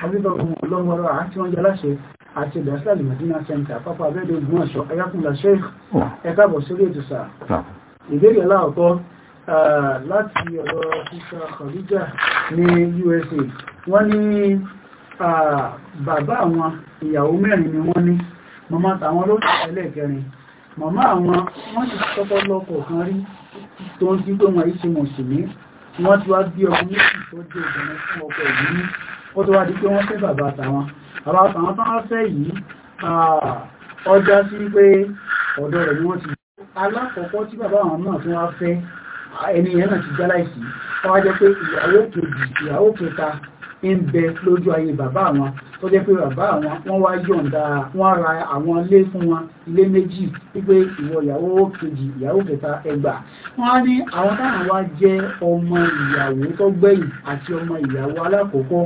habibakun ọlọ́wọ́rọ́ àti wọ́n jaláṣe àti ìdásílẹ̀ medina center pápá abẹ́dẹ̀ ogun ọ̀ṣọ́ ẹ̀yàkùnlá sheikh ẹ̀kàbọ̀ sórí ètò sáà ìbéèrè láàkọ́ láti ọ̀rọ̀ sísá kọ̀díjà ní usa wọ́n ní bàbá àwọn ìyàwó mẹ́rin ni wọ́n ní màmá tàwọn ló tẹ̀lẹ̀ kẹrin màmá àwọn wọ́n ti kọ́kọ́ lọ́kọ̀ kan rí tó ń sí pé wọ́n yìí ti mọ̀ sí ní wọ́n ti wá bí ọmọ méjì tó jẹ́ ìbẹ̀rẹ̀ fún ọkọ̀ ìlú ó tó wá di pé wọ́n fẹ́ bàbá àtàwọn bàbá àtàwọn tó wọ́n fẹ́ yìí ọjà sí pé ọ̀dọ̀ rẹ̀ ni wọ́n ti alákọ̀ọ́kọ́ tí bàbá àwọn náà tó wá fẹ́ ẹni yẹn náà ti jáláìsí wọ́n jẹ́ pé ìyàwó kejì ìyàwó kẹta ń bẹ lójú ayé bàbá àwọn tó jẹ́ pé bàbá àwọn wọ́n wá yọ̀ǹda wọ́n ra àwọn ilé fún wọn ilé méjì wípé ìwọ ìyàwó kejì ìyàwó kẹta ẹgbà wọ́n á ní àwọn táwọn wá jẹ́ ọmọ ìyàwó tó gbẹ̀yìn àti ọmọ ìyàwó alákọ̀ọ́kọ́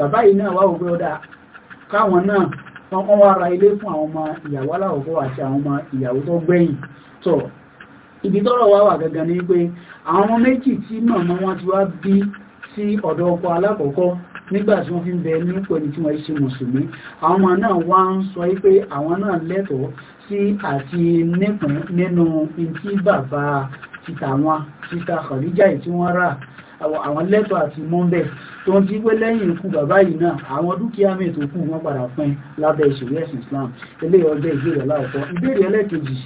bàbá yìí náà wá ògbé ọdá káwọn náà wọ́n wá ra ilé fún àwọn ọmọ ìyàwó aláwọ̀kọ́ àti àwọn ọmọ ìyàwó tó gbẹ̀yìn tọ̀ ibi tọ́rọ̀ wá wà gangan ni pé àwọn ọmọ méjì tí màmá wọn ti wá bí sí ọ̀dọ̀ ọkọ alákọ̀ọ́kọ́ nígbà tí wọ́n fi ń bẹ nípò ẹni tí wọ́n ṣe mùsùlùmí àwọn ọmọ náà wá ń sọ pé àwọn náà lẹ́tọ̀ọ́ sí àti nípìn nínú tí bàbá títà wọn títà kọ̀líjà tí wọ́n rà àwọn lẹ́tọ̀ àti mọ́ńbẹ̀ tó ń ti pé lẹ́yìn ikú bàbá yìí náà àwọn dúkìá mi tó kù wọ́n padà fún lábẹ́ ìṣòwò ẹ̀sìn Islam eléyìí ọjọ́ ìbéèrè aláwọ̀kọ́ ìbéèrè ẹlẹ́kejì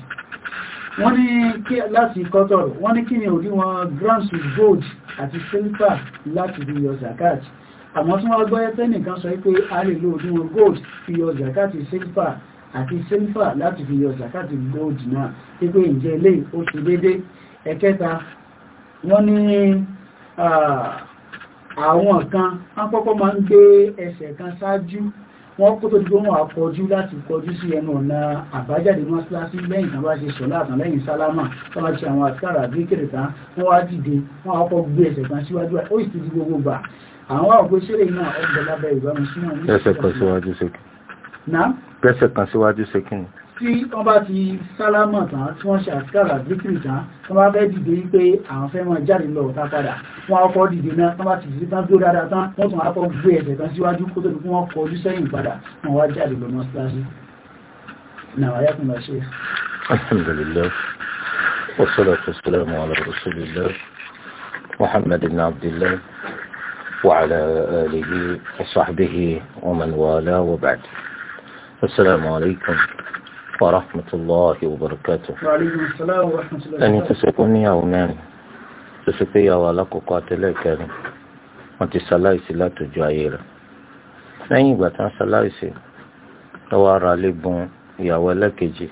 wọ́n ní kí láti kọ́tọ̀rọ̀ wọ́n ní kí ni òdiwọ̀n grams of gold àti silver láti fi yọ zakat àmọ́ tí wọ́n gbọ́ ẹ́fẹ́ nìkan sọ pé a lè lo òdiwọ̀n gold fi yọ zakat silver àti silver láti fi yọ zakat gold náà pípé ìjẹ́ ilé ó ti dédé ẹ̀kẹta wọ́n ní àwọn kan wọ́n kọ́kọ́ máa ń gbé ẹsẹ̀ kan ṣáájú wọ́n kó tó dúró wọn àkọjú láti kọjú sí ẹnu ọ̀nà àbájáde mọ́síláṣí lẹ́yìn tán bá ṣe sọ láàtàn lẹ́yìn sálámà tó wá ṣe àwọn àkàrà bí kèrè tán wọ́n wá dìde wọ́n wá kọ́ gbé ẹsẹ̀ kan síwájú ó sì ti di gbogbo gbà àwọn àgbé ṣẹlẹ̀ náà ọgbẹ̀ lábẹ́ ìbámu sínú ní ẹsẹ̀ kan síwájú fún ọkọ̀ dìde náà tán bá ti dìde tán tó dáadáa tán wọ́n tún akọ́ gbé ẹ̀sẹ̀ kan síwájú kó tó ní fún wọn kọ ojú sẹ́yìn padà wọn wá jáde lọ mọ́síláṣí náà ayé kan lọ ṣe. alhamdulillah wassalatu wassalamu ala rasulillah muhammad ibn abdillah وعلى آله وصحبه ومن والاه وبعد السلام عليكم ورحمة الله وبركاته وعليكم السلام ورحمة الله وبركاته أن تسكني يومان tó ṣe pé ìyàwó alákọ̀ọ́kọ́ àtẹ́lẹ̀ kẹrin wọ́n ti ṣaláìsí látòjú ayé rẹ̀ lẹ́yìn ìgbà tí wọ́n ṣaláìsí lọ́wọ́ ara lè bun ìyàwó ẹlẹ́kejì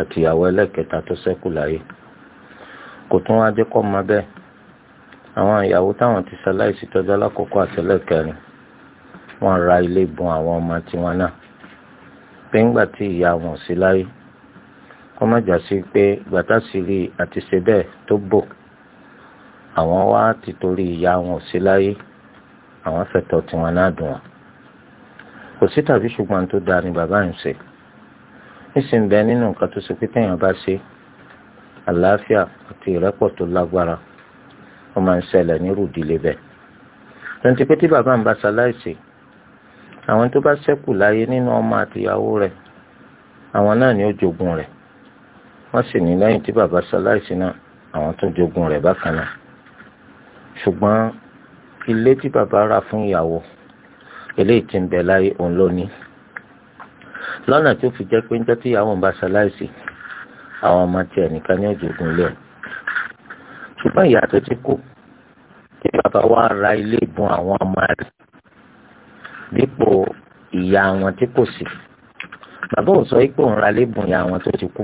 àti ìyàwó ẹlẹ́kẹta tó ṣẹ́kù láyé kò tún wá dé kọ́ mọ́ bẹ́ẹ̀ àwọn ìyàwó táwọn ti ṣaláìsí tọ́jú alákọ̀ọ́kọ́ àtẹ́lẹ̀ kẹrin wọ́n ra ilé bun àwọn ọmọ tiwọn náà pé ńgbà tí ìyá wọn sí láyé kọ́mọ̀jà sí àwọn wá ti torí ìyá wọn ò sí láyé àwọn fẹ̀tọ́ tiwọn náà dùn wọn kò sí tàbí ṣùgbọ́n tó dáa ni bàbá yìí ń ṣe nísìnyí bẹ nínú nǹkan tó ṣe pé téèyàn bá ṣe àlàáfíà àti ìrẹ́pọ̀ tó lágbára ó máa ń ṣẹlẹ̀ nírú ìdílé bẹ́ẹ̀ tonti pé tí bàbá ń bá ṣaláìsí àwọn tó bá ṣẹ́kù láyé nínú ọmọ àtìyàwó rẹ̀ àwọn náà ni ó jogun rẹ̀ wọ́n sì ní lẹ́yìn tí bàbá ṣaláìsí náà àwọn tó jogun rẹ̀ bákan náà ṣùgbọ́n ilé tí bàbá rà fún ìyàwó eléyìí tí ń bẹ láyé òun lónìí lọ́nà tí ó fi jẹ́ pé ń jẹ́ tí ìyàwó ń bá ṣaláìsì àwọn ọmọ tiẹ̀ nìkan ní òjòògùn ilé ẹ̀ ṣùgbọ́n ìyá tó ti kú tí bàbá wa ra ilé ìbùn àwọn ọmọ rẹ̀ dípò ìyá wọn tí kò sí bàbá ò sọ pé òun ra ilé ìbùn ìyá wọn tó ti kú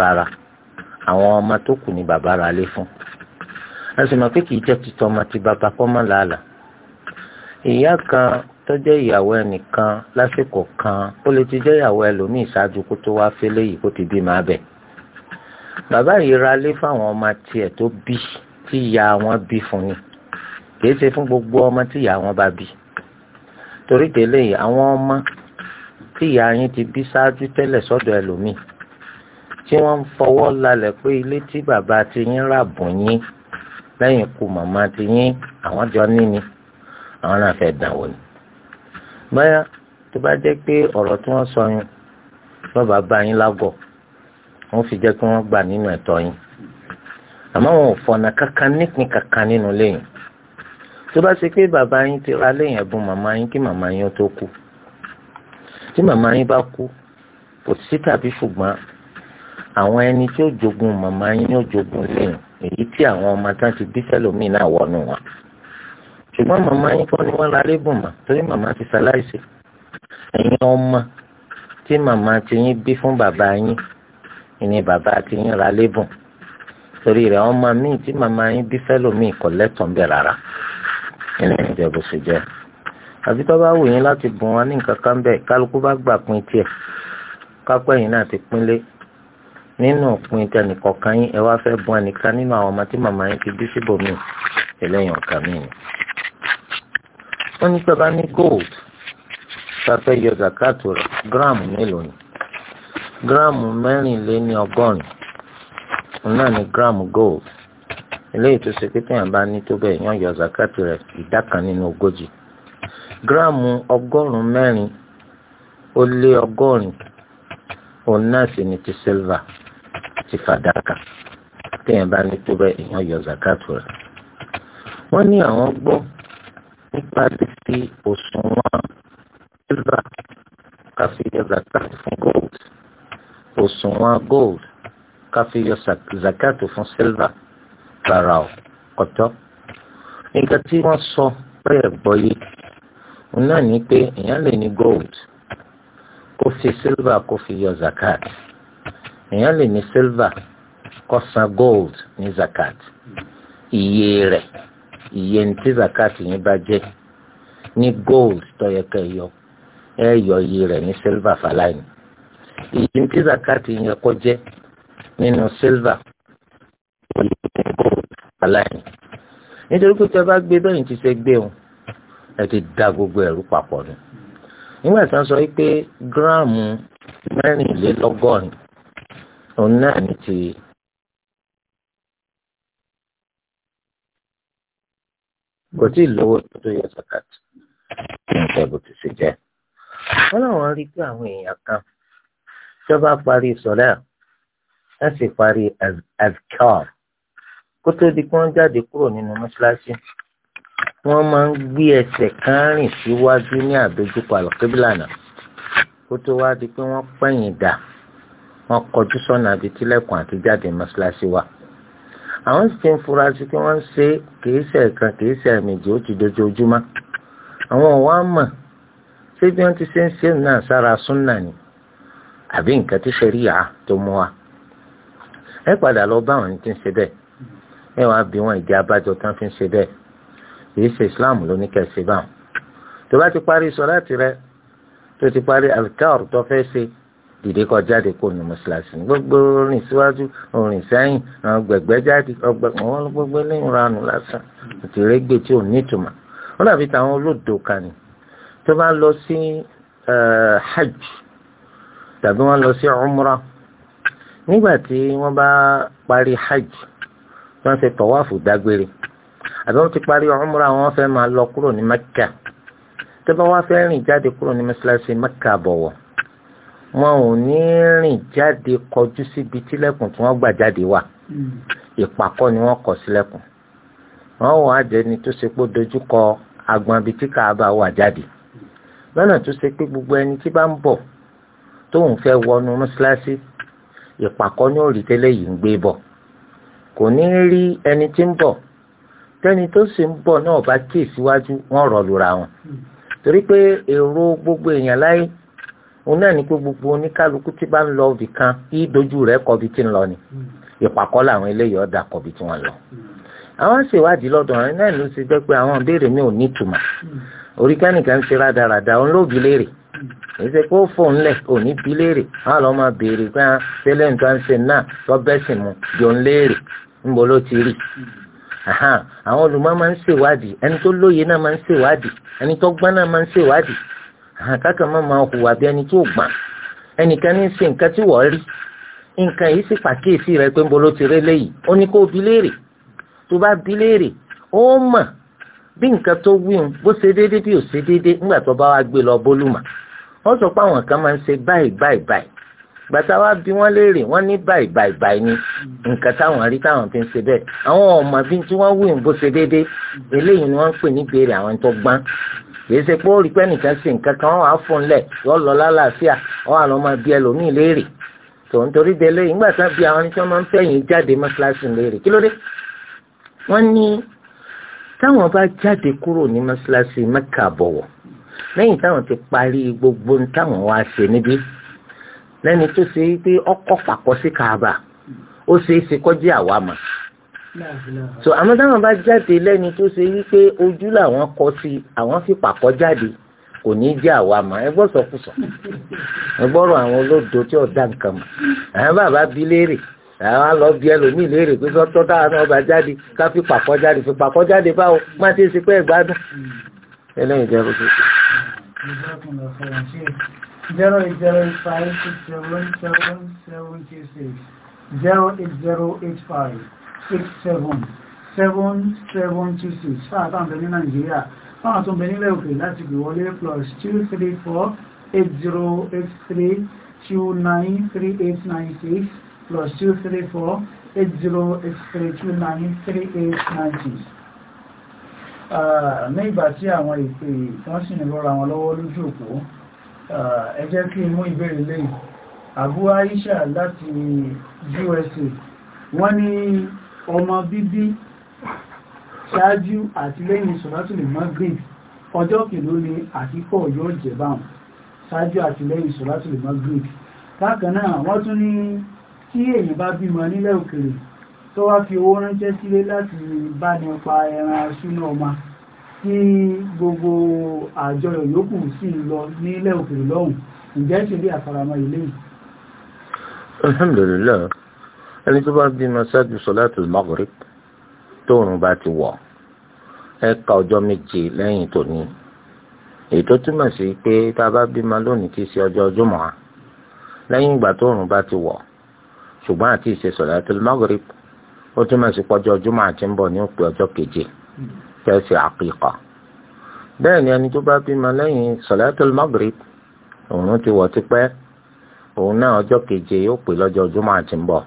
rárá àwọn ọmọ tó kù ni bàbá ra ilé fún a sì máa pé kì í jẹ́ ti tọmọ àti bàbá kọ́ mọ́ làálàá ìyá kan tó jẹ́ ìyàwó ẹnìkan lásìkò kan ó lè ti jẹ́ ìyàwó ẹlòmíì ṣáájú kó tó wáá fẹ́lẹ́ yìí kó ti bí màá bẹ̀. bàbá yìí ra lé fáwọn ọmọ tiẹ̀ tó bí tí ìyá wọn bí fún ni kìí ṣe fún gbogbo ọmọ tí ìyá wọn bá bí. torí tẹ́lẹ̀ yìí àwọn ọmọ tí ìyá yín ti bí ṣáájú tẹ́lẹ̀ sọ́dọ̀ ẹlòmíì tí wọ́n fọwọ́ lálẹ̀ pé ilé tí bàbá ti yín rà bùn yín lẹ́yìn ikú màmá ti yín àwọn jọ níní àwọn náà fẹ́ dànwó ni. báyà tó bá jẹ́ pé ọ̀rọ̀ tí wọ́n sọ yín lọ́ba bá yín lágọ̀ wọ́n fi jẹ́ kí wọ́n gbà nínú ẹ̀tọ́ yín àmọ́ wọn ò fọ̀nà kankan nípìn kankan nínú lẹ́yìn tó bá ṣe pé bàbá yín ti ra lẹ́yìn ẹ̀bùn màmá yín kí màmá yín tó kú tí màmá yín bá kú kò sí tàbí ṣùgbọ́n àwọn ẹni tí ó jogun màmá yín yóò jogun lẹ́yìn èyí tí àwọn ọmọ tán ti bí sẹ́lòmíì náà wọnú wọn ṣùgbọ́n màmá yín kọ́ ni wọ́n ra lébùn mà torí màmá ti ṣaláìsí ẹ̀yin ọmọ tí màmá ti yín bí fún bàbá yín ni bàbá ti yín ra lébùn torí rẹ̀ ọmọ míì tí màmá yín bí sẹ́lòmíì kò lẹ́tọ̀ọ́ ń bẹ̀ rárá ìrìn ìjẹ́ bó ṣe jẹ́ àbí tó bá wù yín láti bùn wọn ní nǹkan kan bẹ́ẹ̀ kálukú bá gbà pín tiẹ̀ kápẹ́yìn náà ti pínlẹ̀ nínú òpin tẹnìkan kan yín ẹ wá fẹ́ bọ́ ẹnìkan nínú àwọn ọmọ tí màmá yín ti bí síbòmíì ẹlẹ́yìn ọ̀kà míì ni. wọ́n ní sábà ní gold sáfẹ́ yọ zakato rẹ̀ gíráàmù mélòó ni gíráàmù mẹ́rìnléní ọgọ́rin náà ni gíráàmù gold eléyìí tó ṣe pé téèyàn bá ní tó bẹ́ẹ̀ yàn yọ zakato rẹ̀ ìdá kan nínú ogójì gíráàmù ọgọ́rùn-ún mẹ́rin ó lé ọgọ́rin òun náà sì ni ti silver àti fàdákà téèyàn bá ní tó bẹ́ẹ̀ èèyàn yọ zakatu rẹ̀. wọ́n ní àwọn gbọ́ nípa títí òṣùwọ̀n silver káfí yọ zakatu fún gold òṣùwọ̀n gold káfí yọ zakatu fún silver rárá o kọ̀tọ́. nǹkan tí wọ́n sọ pé ẹ̀gbọ́ yìí òun náà ní pé èèyàn lè ní gold kó fi silver kó fi yọ zakatu èèyàn lè ní silver kó gold ní zakat iye rẹ̀ iye tí zakat yín bá jẹ́ ní gold tó yẹ kẹ́ yọ ẹ yọ iye rẹ̀ ní silver falain. iye tí zakat yín kó jẹ́ nínú silver iye gold fàlàyé nítorí pé tẹ́ bá gbé bẹ́yìn ti ṣe gbé wọn ẹ ti da gbogbo ẹ̀rú papọ̀ nù nígbà tí wọ́n sọ wípé gíráàmù mẹ́rìnlélọ́gọ́rin òun náà ní ti kò tí ì lówó tó yẹ zakat ní nǹkan bó ti ṣe jẹ wọn làwọn rí pé àwọn èèyàn kan tí wọn bá parí sọlẹ wọn sì parí azkar kó tó di pé wọn jáde kúrò nínú mọ́ṣáláṣí wọn máa ń gbé ẹsẹ̀ kan rìn síwájú ní àdójúkọ àlùkébìlà náà kó tó wá di pé wọn pẹ̀yìn dà wọ́n kọjú sọ́nà àbí tilẹ̀kùn àti jáde mọ́ṣáláṣí wa àwọn sì ti ń fura sí pé wọ́n ń ṣe kèésẹ̀ kan kèésẹ̀ méjì ó ti dojoojúmọ́ àwọn ọ̀wá mọ̀ ṣé bí wọ́n ti ṣe ń ṣe náà sára súnà ni àbí nǹkan tí ṣẹ̀ríyà tó mú wa ẹ padà lọ bá àwọn tí ń ṣe bẹ́ẹ̀ ẹ wàá bí wọn ìdí abájọ tán fi ń ṣe bẹ́ẹ̀ kìí ṣe islam ló ní kẹsì báwọn tó bá ti parí sọ láti rẹ tó ti parí alikaor tó fẹ́ ṣe dìde kọ jáde kó nu mọ́ṣáláṣí gbogbo rìn síwájú rìn sẹ́yìn gbẹ̀gbẹ́ jáde ọgbẹ́ wọn gbogbo lẹ́yìn ranù lásán àti rẹ́gbẹ́ tí ò nítumọ̀ wọn dàbí táwọn olódò kan ni tó bá lọ sí hajj tàbí wọn lọ sí umrah nígbà tí wọn bá parí hajj wọn ṣe tọwáfù dágbére àbí wọn ti parí umrah wọn fẹ́ máa lọ kúrò ní mẹ́kà tó bá wá fẹ́ rìn jáde kúrò ní mọ́ṣáláṣí mẹ́kà bọ̀wọ̀ wọn ò ní rìn jáde kọjú síbi tílẹ̀kùn tí wọ́n gbà jáde wà hmm. ìpàkọ́ ni wọ́n kọ sílẹ̀kùn wọ́n wọ́n á jẹni tó ṣe pé dojúkọ agbọn ibi tí káàbà wà jáde lọ́nà tó ṣe pé gbogbo ẹni tí bá ń bọ̀ tóun fẹ́ wọnú mọ́ṣáláṣí ìpàkọ́ ni ó rí tẹ́lẹ̀ yìí ń gbé bọ̀ kò ní rí ẹni tí ń bọ̀ tẹ́ni tó sì ń bọ̀ náà bá tíì wọ́n rọ̀ lura wọn hmm. torí pé èrò gbogbo èèyàn láyé òun náà ní pé gbogbo oníkálukú tí bá ń lọ ibì kan kí dojú rẹ̀ kọbi tí ń lọ ni hmm. ìpàkọ́ làwọn eléyìí ọ̀dà kọbi tí wọ́n lọ. àwọn ṣèwádìí lọ́dọ̀ rẹ̀ náà ló ti jẹ́ pé àwọn ìbéèrè mi ò ní ìtumọ̀ hmm. orí kẹ́nìkan ń ṣe rádaràda òun ló bi léèrè hmm. lẹ̀ bi léèrè máa béèrè pé ah, jọ ń léèrè ló ti rí àwọn máa ń ṣèwádìí ẹni tó lóye náà máa àkàkà má máa hùwà bí ẹni tí ò gbà ẹnìkan ní ṣe nǹkan tí wọ́n rí nǹkan yìí sì pàkíyèsí rẹ pé ń bolo ti rẹ léyìí ó ní kó bi léèrè tó bá bi léèrè ó mọ̀ bí nǹkan tó wíwù bó ṣe déédéé bí ò ṣe déédéé nígbà tó bá wá gbé lọ bólúmà wọ́n sọ pé àwọn kan máa ń ṣe báyìí báyìí báyìí gbàtà wá bí wọ́n léèrè wọ́n ní báyìí báyìí báyìí ni nǹkan táwọn rí táwọn fi ń ṣe bẹ́ẹ̀ àwọn ọmọ bí tí wọ́n wíwù bó ṣe déédéé eléyìí ni wọ́n ń pè ní béèrè àwọn tó gbọ́n kìí ṣe pé ó rí pé nìkan ṣe nǹkan kan wọ́n á fún un lẹ̀ yọ lọ lálàáfíà wọ́n á lọ máa bí ẹlòmíì léèrè tó ń torí délé ìgbà tán bí àwọn oníṣẹ́ máa ń fẹ̀yìn jáde mọ́ṣáláṣí léèrè kí ló dé wọ́n ní táwọn bá jáde kúrò ní mọ́ṣáláṣí mẹ́kà bọ̀wọ̀ lẹ́yìn táwọn ti parí gbogbo táwọn wá ṣe níbí lẹ́ni tó ṣe pé ọkọ̀ fàkọ́ sí kaaba ó ṣe é ṣe kọjá àwa mà so àmọ́ táwọn bá jáde lẹ́ni tó ṣe wípé ojú làwọn kọ sí àwọn fi pàkọ́ jáde kò ní jẹ́ àwa mà ẹ gbọ́ sọkúsọ ẹ gbọ́rọ̀ àwọn olódo tí ọ̀dà nǹkan mọ̀ àwọn bàbá bí léèrè àwọn lọ bí ẹlòmíì léèrè pé sọ́tọ́ táwọn náà bá jáde ká fi pàkọ́ jáde fi pàkọ́ jáde báwo má ti ṣe pé ẹ ẹlẹ́yìn jẹ́ kó zero eight zero eight five six seven seven seven two six zero eight zero eight five six seven seven seven two six fáwọn àtàwọn bẹ̀rẹ̀ ní nàìjíríà fáwọn tó ń plus two plus two three four eight zero eight three two nine three eight nine six ní ìgbà tí àwọn ìpè wọ́n sì ń wọn lọ́wọ́ lójú òpó ẹ kí mú ìbéèrè lẹ́yìn Abu Aisha láti USA wọ́n ní ọmọ bíbí ṣáájú àti lẹ́yìn sọ̀rọ̀tùlù Maghrib ọjọ́ kìló ni àkíkọ̀ yóò jẹ báwọn ṣáájú àti lẹ́yìn sọ̀rọ̀tùlù Maghrib bákan náà wọ́n tún ní tí èyí bá bímọ nílẹ̀ òkèrè tó wá fi owó ránṣẹ́ sílé láti bá ní pa ẹran súná ọmọ tí gbogbo àjọyọ̀ yòókù sì lọ nílẹ̀ òkèrè lọ́hùn ǹjẹ́ ṣe bí àfaramọ́ ilé yìí alhamdulillah ẹni tó bá bímọ ṣáájú sọ̀láàtù maghrib tóòrùn bá ti wọ̀ ẹ ka ọjọ́ méje lẹ́yìn tòní ètò túmọ̀ sí pé tá a bá bímọ lónìí kì í ṣe ọjọ́ Jímọ̀ à lẹ́yìn ìgbà tóòrùn bá ti wọ̀ ṣùgbọ́n àti ìṣe sọ̀láàtù maghrib ó túmọ̀ sí pọ́jọ́ Jímọ̀ àti ń bọ̀ ní òpin ọjọ́ keje tẹ̀sí àkíkà bẹ́ẹ̀ ni ẹni tó bá bímọ lẹ́yìn sọ̀láàtù maghrib òun ti wọ̀ tipẹ́ òun náà ọjọ́ keje yóò pè lọ́jọ́ Jímọ̀ àti ń bọ̀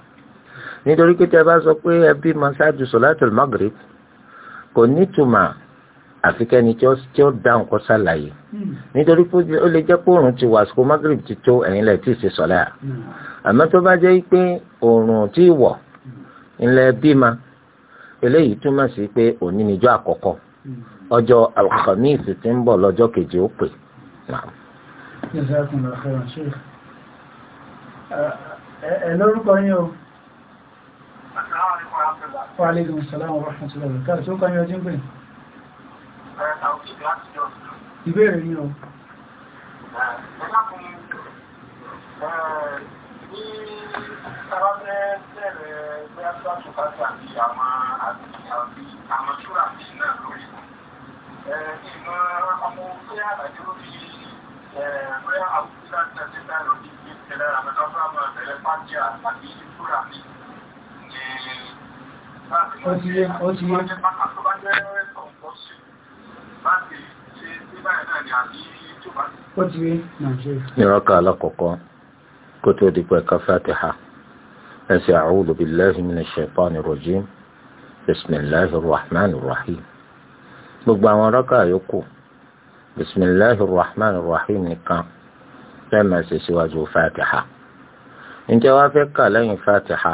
nítorí pé tí a bá sọ pé ẹbí máa ṣáájú sọ̀látùl Maghrib kò nítumọ̀ àfikẹ́ni tí ó dá nǹkan ṣàlàyé hmm. nítorí pé ó lè jẹ́ pé òòrùn ti wà àsìkò Maghrib ti tó ẹ̀yìn lẹ̀ tí ì ṣe sọ̀lá hmm. àmọ́ tó bá jẹ́ pé òòrùn ti wọ̀ hmm. ńlẹ̀ bímọ eléyìí túmọ̀ sí pé òní níjọ́ àkọ́kọ́ ọjọ́ Al-Khamis ti ń bọ̀ lọ́jọ́ kejì ó pè ẹ lórúkọ yín o. Wa alaikum salam wa rahmatullahi wa barakatuh. Tó kàn yọ jíǹgbìn. Ìbéèrè ni o. Ìmọ̀ ọmọ òfin àlàyé ó fi ẹ̀rẹ́ àwùjọ àti ẹ̀sẹ̀ láìrọ̀ ní ìpínlẹ̀ àmẹ́tọ́fà máa bẹ̀rẹ̀ pàdé àti ìfúra ní ó ti yé ó ti yé ó ti yé ìrọ́kà alákọ̀ọ́kọ́ kó tó dípẹ́ ká fàtíhà ẹsẹ̀ a'udhu billahi minash shaitanir rajim bismillahir rahmanir rahim gbogbo àwọn rọ́kà yòókù bismillahir rahmanir rahim nìkan síwájú fàtíhà ǹjẹ́ fẹ́ kà lẹ́yìn fàtíhà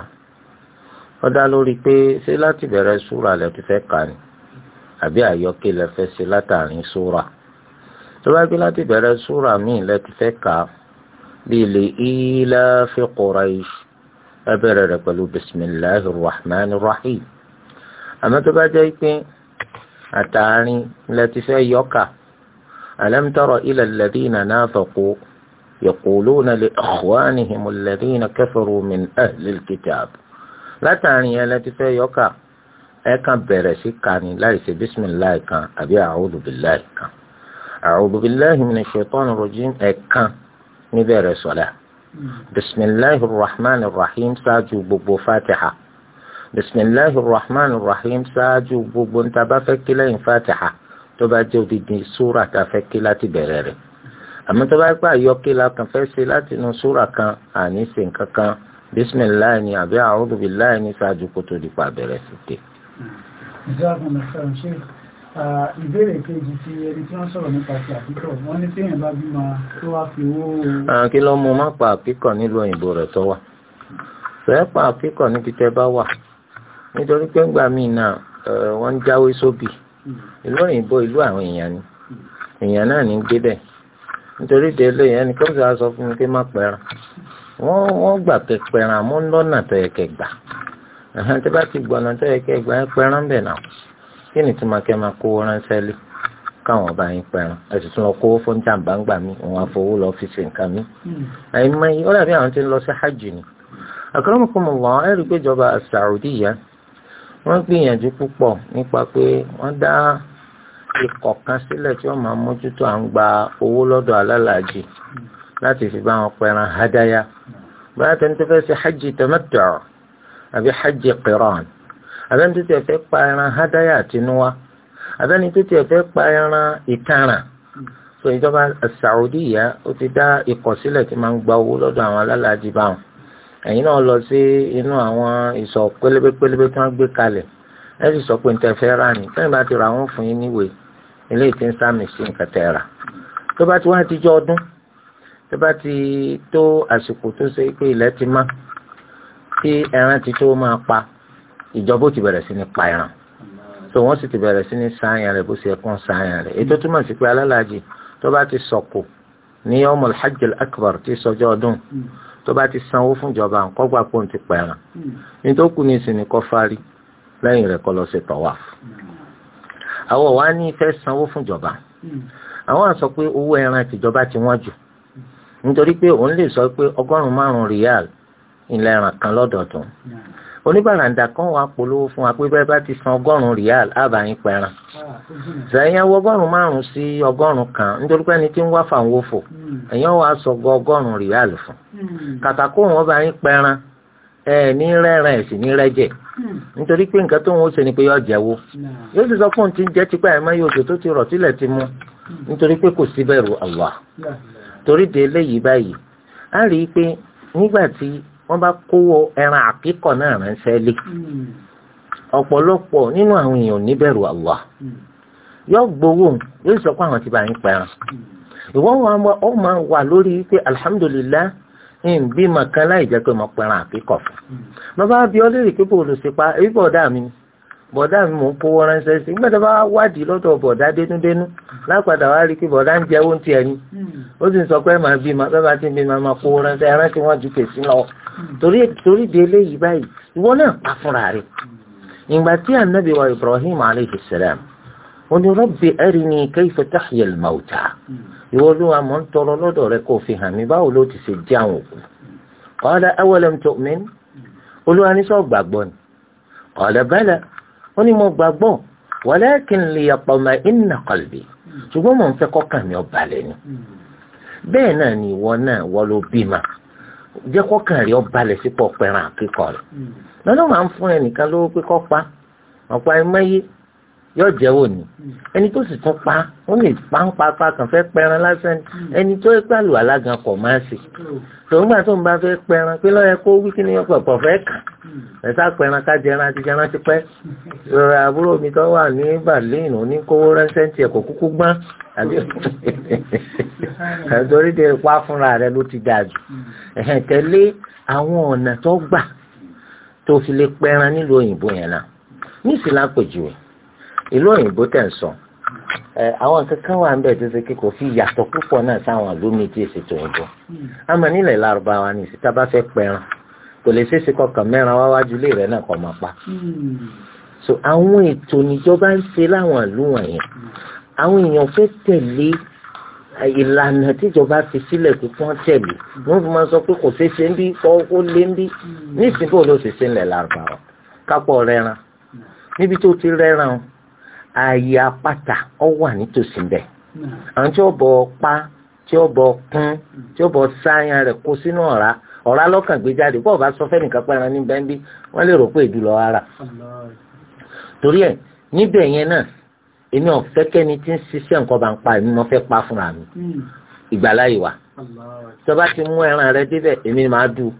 ó dá lórí pé ṣé láti bẹ̀rẹ̀ súra lẹ ti fẹ́ kà ní àbí àyọkẹ́ lẹ fẹ́ ṣe látàrin súra tó bá gbé láti bẹ̀rẹ̀ súra míì lẹ ti fẹ́ kà bí ilé ilá fi Quraish ẹ bẹ̀rẹ̀ rẹ̀ pẹ̀lú bisimilahi rahman rahim àmọ́ tó bá jẹ́ pé àtàrin lẹ ti fẹ́ yọkà alam tara ila alladhina nafaqu. يقولون لإخوانهم الذين كفروا من أهل الكتاب látàrin yẹn lẹ́tí fẹ́ yọkà ẹ kàn bẹ̀rẹ̀ sí kani láì ṣe bísímìláì kan àbí a'udhu billahi kan a'udhu billahi minash shaitani rajim ẹ kan níbẹ̀rẹ̀ sọ̀lá hmm. bisimilahi rahman rahim ṣáájú gbogbo fatiha bisimilahi rahman rahim ṣáájú gbogbo ntaba fẹ́ kí lẹ́yìn fatiha tó bá jẹ́ odidi súra tá fẹ́ kí láti bẹ̀rẹ̀ rẹ̀ àmọ́ tó bá gbà yọ kí la kàn fẹ́ ṣe látinú súra kan àní ṣe bisimilayi ni àbí àwòdùbíláyì ní ṣáájú kó tó di pa bẹ̀rẹ̀ sí ké. ìbéèrè kejì ti ẹni tí wọ́n sọ̀rọ̀ nípa ti àkíkọ̀ wọ́n ní téèyàn bá bímọ tó wá fi owó. kí ló mú má pa àkíkọ̀ nílùú òyìnbó rẹ̀ tó wà fẹ́ẹ́ pa àkíkọ̀ ní títẹ́ bá wà nítorí pé ńgbà míì náà wọ́n ń jáwé sóbì ìlú òyìnbó ìlú àwọn èèyàn ni èèyàn náà ní gbé bẹ́ẹ̀ nítorí ìdẹ́lẹ́yìn ẹnì kan sọ fún mi pé má pẹ́ràn wọ́n wọ́n gbà pé pẹran mú lọ́nà tó yẹ kẹ́ gbà ẹ̀hán tí bá ti gbọ́nà tó yẹ kẹ́ gbà ẹ pẹran bẹ̀ náà kí ni tí máa kẹ́ máa kó ránṣẹ́ lé káwọn ọba yín pẹran ẹ sì tún lọ kó fún jàǹbá ń gbà mí òun àfọwọ́ lọ fi ṣe nǹkan mi. Hmm. àìmọ yìí ó dàbí àwọn tí ń lọ sí hajj ni akramakumullah ẹ rí i pé ìjọba Saudiya wọ́n gbìyànjú púpọ̀ nípa pé wọ́n dá ikọ̀ kan sílẹ̀ tí wọ́n máa mójútó à ń gba owó lọ́dọ̀ alálàájì hmm láti fi bá wọn pẹran hadaya báyà tẹni tó fẹ́ ṣe hajj tamattu àbí hajj qiran abẹ́ni tó tiẹ̀ fẹ́ pa ẹran hadaya àtinúwá abẹ́ni tó tiẹ̀ fẹ́ pa ẹran ìtanràn so ìjọba Saudi yá ó ti dá ikọ̀ sílẹ̀ tí máa ń gba owó lọ́dọ̀ àwọn alálàájì báwọn ẹ̀yin náà lọ sí inú àwọn ìsọ̀ pélébé pélébé tí wọ́n gbé kalẹ̀ ẹ sì sọ pé n tẹ fẹ́ rà ní sẹ́yìn bá ti ra wọ́n fún yín níwèé ilé ìtí ń sàmì rà tó bá ti wá ti jọ ọdún tó bá ti tó àsìkò tó ṣe pé ilẹ̀ ti mọ́ tí ẹran ti tó máa pa ìjọba ó ti bẹ̀rẹ̀ sí ní pa ẹran tó wọ́n sì ti bẹ̀rẹ̀ sí ní sáyàn rẹ̀ bó ṣe kún sáyàn rẹ̀ ètò túmọ̀ sí pé alálàájì tó ti sọ̀kò ní yawmul hajjil akbar tí sọjọ́ ọdún tó bá ti sanwó fún ìjọba nǹkan gbà pé òun ti pa ẹran ní tó kù ní ìsìn kọ́ fárí lẹ́yìn rẹ̀ kọ́ lọ ṣe tawaf àwọn wa ní fẹ́ sanwó fún ìjọba àwọn á pé owó ẹran tìjọba ti wọ́n jù nítorí pé òun lè sọ pé ọgọ́rùn-ún márùn-ún rial ilẹ̀ kan kan lọ́dọọdún oníbàràǹdà kan wà polówó fún wa pé bẹ́ẹ̀ bá ti san ọgọ́rùn-ún rial àbá yín pẹran ṣàyẹn wọ ọgọ́rùn-ún márùn-ún sí ọgọ́rùn-ún kan nítorí pé ẹni tí ń wá fàwọn òfò èèyàn wàá sọgọ rial fún ẹ ní ẹ̀ sì ní rẹ́jẹ̀ nítorí pé nǹkan tó ń ṣe ni pé jẹ́wọ́ yóò sọ fún un ti jẹ́ tipẹ́ ẹ̀ mọ́ yóò tó ti rọ̀ sílẹ̀ ti mú nítorí pé kò torí de eléyìí báyìí a rí i pé nígbà tí wọ́n bá kówó ẹran àkíkọ̀ náà ránṣẹ́ lé ọ̀pọ̀lọpọ̀ nínú àwọn èèyàn níbẹ̀rù Allah yóò gbowó yóò sọ pé àwọn ti bá ń pẹran ìwọ́n wọn ó máa wà lórí pé alhamdulillah ń bí màkàn láì jẹ́ pé mo pẹran àkíkọ̀ fún bàbá abiola rè pé bò ló ṣe pa mi ni bọ̀dá mi mò ń powó ránṣẹ́ sí i gbọ́dọ̀ bá wádìí lọ́dọ̀ bọ̀dá dénúdénú lápàdà wá rí i pé bọ̀dá ń jẹ owó tiẹ̀ ni hmm. ó sì ń sọ pé màá bí màá bá ti bí màá máa powó ránṣẹ́ ẹran tí wọ́n ju kèsì lọ hmm. torí torí di eléyìí báyìí ìwọ náà pa fúnra rẹ̀ hmm. ìgbà tí ànábì wa Ibrahim aleyhi salam ó ní rabbi arini kayfa tahya al-mawta ìwọ olúwa mò ń tọrọ lọ́dọ̀ rẹ kó fi hàn mí báwo ló ti ṣe jẹ́ àwọn òkú qala awalam tu'min olúwa ní sọ gbàgbọ́ ni qala bala ó ní mo gbàgbọ́ walakin liyatma'inna qalbi ṣùgbọ́n mò ń fẹ́ kọ́kàn mi ó balẹ̀ ni bẹ́ẹ̀ náà ni ìwọ náà wọ́n ló bímọ jẹ́ kọ́kàn rẹ̀ ó balẹ̀ sípò pẹ̀ràn àkíkọ̀ rẹ̀ lọ́dọ̀ máa ń fún ẹnìkan lówó pé kọ́ pa ọ̀pọ̀ ẹ̀mọ́yé yóò jẹ́wọ́ ni ẹni tó sì tún pa ó lè pa ń papá kàn fẹ́ pẹran lásán hmm. ẹni tó ẹ pàlù alágan kọ̀ máa ṣe hmm. tòǹgbà tó ń bá fẹ́ pẹran pé lọ́yẹ kó wí kí ni yóò pọ̀ fẹ́ kàn hmm. ẹ̀sà pẹran ká jẹran àti jẹran ti pẹ́ rọra àbúrò mi tó wà ní Berlin òní kówó ránṣẹ́ tiẹ̀ kò kúkú gbọ́n àbí torí de pa fúnra rẹ ló ti dáa jù tẹ̀lé àwọn ọ̀nà tó gbà tó fi lè pẹran nílùú òyìnbó yẹn náà ìlú òyìnbó tẹ̀ ń sọ àwọn nǹkan kan wà ń bẹ̀ tó ṣe pé kò fi yàtọ̀ púpọ̀ náà sáwọn ìlú mi tí èsì tòyìnbó àmọ́ nílẹ̀ lárúbáwá ni ìsìta bá fẹ́ pẹran kò lè ṣeéṣe kọkàn mẹ́ran wá wájú lé rẹ̀ náà kọ́ máa pa so àwọn ètò níjọba ń ṣe láwọn ìlú wọ̀nyẹn àwọn èèyàn fẹ́ tẹ̀lé ìlànà tíjọba fi sílẹ̀ pé kí wọ́n tẹ̀lé wọ́n fi máa sọ pé kò ṣeéṣe ń bí kó lé ń bí nísìnyí bó ló ṣe ṣe ń lẹ̀ lárúbáwá kápọ̀ rẹran níbi tó ti rẹran o ààyè apáta ọ wà nítòsí bẹ̀ hmm. àwọn tí ó bọ̀ pa tí ó bọ̀ kún hmm. tí ó bọ̀ sáyàn rẹ̀ kó sínú ọ̀rá ọ̀rá lọ́kàn gbé jáde bọ́ọ̀ bá sọ fẹ́nìkan pẹ́ran ní bẹ́ńbí wọ́n lè rò pé ìdúlọ̀ ara torí ẹ̀ níbẹ̀ yẹn náà èmi ò fẹ́ kẹ́ni tí ń ṣiṣẹ́ nǹkan bá ń pa èmi mo fẹ́ pa fúnra mi hmm. ìgbàláyè wa tí wọ́n bá ti mú ẹran rẹ débẹ̀ èmi máa dùn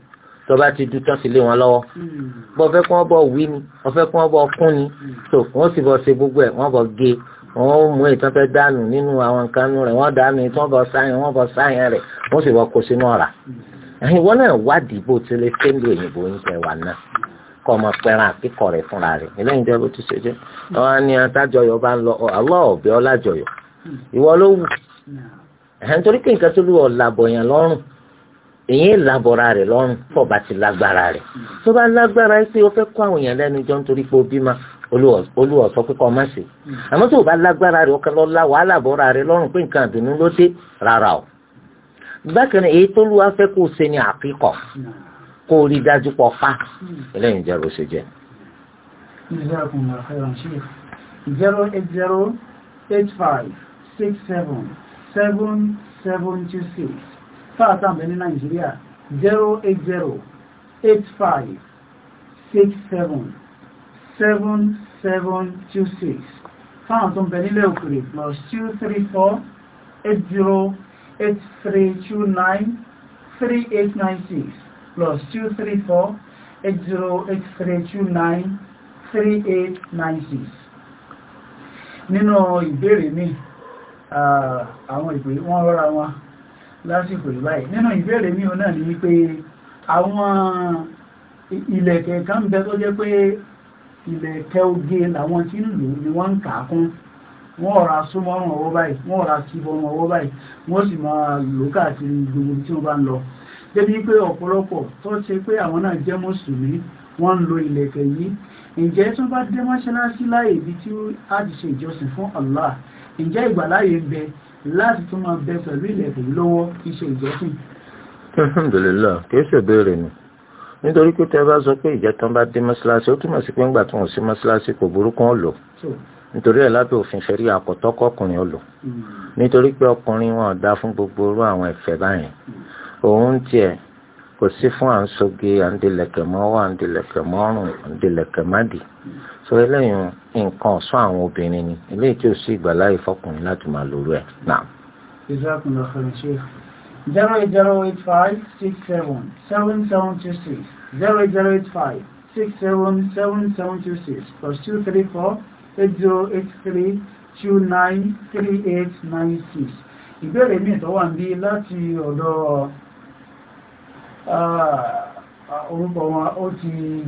tọba ti dùn tán sí lé wọn lọ́wọ́ hmm. bọ́ fẹ́ kí wọ́n bọ̀ wí ni wọ́n fẹ́ kí wọ́n bọ̀ kún ni tó hmm. wọ́n sì bọ̀ ṣe gbogbo ẹ̀ wọ́n bọ̀ gé wọ́n mú ìtàn fẹ́ dànù nínú àwọn nǹkan rẹ̀ wọ́n dànù ìtàn bọ̀ sáyẹn wọ́n bọ̀ sáyẹn rẹ̀ wọ́n sì bọ̀ kó sínú ọ̀rà ẹ̀yin hmm. wọ́n náà wádìí bó ti lè fẹ́ lu òyìnbó oúnjẹ wà náà kọ́ ọmọ pẹ́ran àkíkọ̀ rẹ̀ fúnra rẹ̀ eléyìí jẹ́ bó ti ṣe jẹ́ àwọn ni àtàjọyọ̀ bá ń lọ àlọ́ ọ̀bẹ ọlájọyọ̀ ìwọ ló wù ẹ̀hìn torí pé nǹkan èyí làbọ̀ra rẹ̀ lọ́rùn fọba ti lágbára rẹ̀ tó bá lágbára pé o fẹ́ kó àwọn èèyàn lẹ́nu jọ nítorí pé o bímọ olúwa sọ pé kọ́ má ṣe àmọ́ tó bá lágbára rẹ̀ ọkàn lọ́la wàhálà bọ́ra rẹ̀ lọ́rùn pé nǹkan àdùnnú ló dé rárá o bákan náà èyí tó lù wá kó o ṣe ni àkíkọ̀ kó o rí dájú pọ̀ pa eléyìí jẹ́ bó ṣe jẹ́. zero eight zero eight five six seven seven seventy six sáàtàmẹ́ ní Nàìjíríà 08085677726 fáwọn tó ń bẹ nílẹ̀ òkèrè plus 2348083293896 plus 2348083293896 nínú ìbéèrè mi ah, àwọn ìpè wọ́n rọ́ra wọn lásìkò ìbáyìí nínú ìbéèrè mi náà ni wípé àwọn ilẹ̀kẹ̀ kan bẹ tó jẹ́ pé ilẹ̀kẹ̀ oge làwọn tí lò ni wọ́n ń kà á kún wọ́n ọ̀rà súnmọ́rùn ọwọ́ báyìí wọ́n ọ̀rà síbọ̀rùn ọwọ́ báyìí wọ́n sì máa lò káàkiri gbogbo tí wọ́n bá ń lọ débi pé ọ̀pọ̀lọpọ̀ tó ṣe pé àwọn náà jẹ́ mùsùlùmí wọ́n ń lo ilẹ̀kẹ̀ yìí ǹjẹ́ tó bá dé mọ́ṣáláṣí láàyè ibi tí a ti ṣe ìjọsìn Allah ǹjẹ́ ìgbàláyè ń bẹ láti tún máa bẹ pẹ̀lú ilẹ̀kùn lọ́wọ́ iṣẹ́ ìjọsìn. alhamdulillah kìí ṣe béèrè ni nítorí pé tẹ́ bá sọ pé ìjẹtàn bá dé mọ́ṣáláṣí ó túmọ̀ sí pé ńgbà tí wọ́n sí mọ́ṣáláṣí kò burúkú ọ̀ lọ nítorí ẹ̀ lábẹ́ òfin ṣẹ̀rí àkọ́tọ́kọ́ ọkùnrin ọ̀ lọ hmm. nítorí pé ọkùnrin wọn ò dá fún gbogbo orú àwọn ẹ̀fẹ̀ báyẹn hmm. òun tiẹ̀ kò sí fún à ń soge à ń dilẹ̀kẹ̀ mọ́wọ́ à ń dilẹ̀kẹ̀ mọ́rùn à ń dilẹ̀kẹ̀ mádì so eléyìí nǹkan ọ̀ṣọ́ àwọn obìnrin ni eléyìí tí ò sí ìgbàláyè fọkùnrin láti máa lòrú ẹ̀ náà. zero zero eight five six seven seven seven two six zero zero eight five six seven seven seven two six plus two three four eight zero eight three two nine three eight nine six ìbéèrè mi ìtọ́wà ń bí láti ọ̀dọ̀. Ah, ah, orúkọ wọn ó ti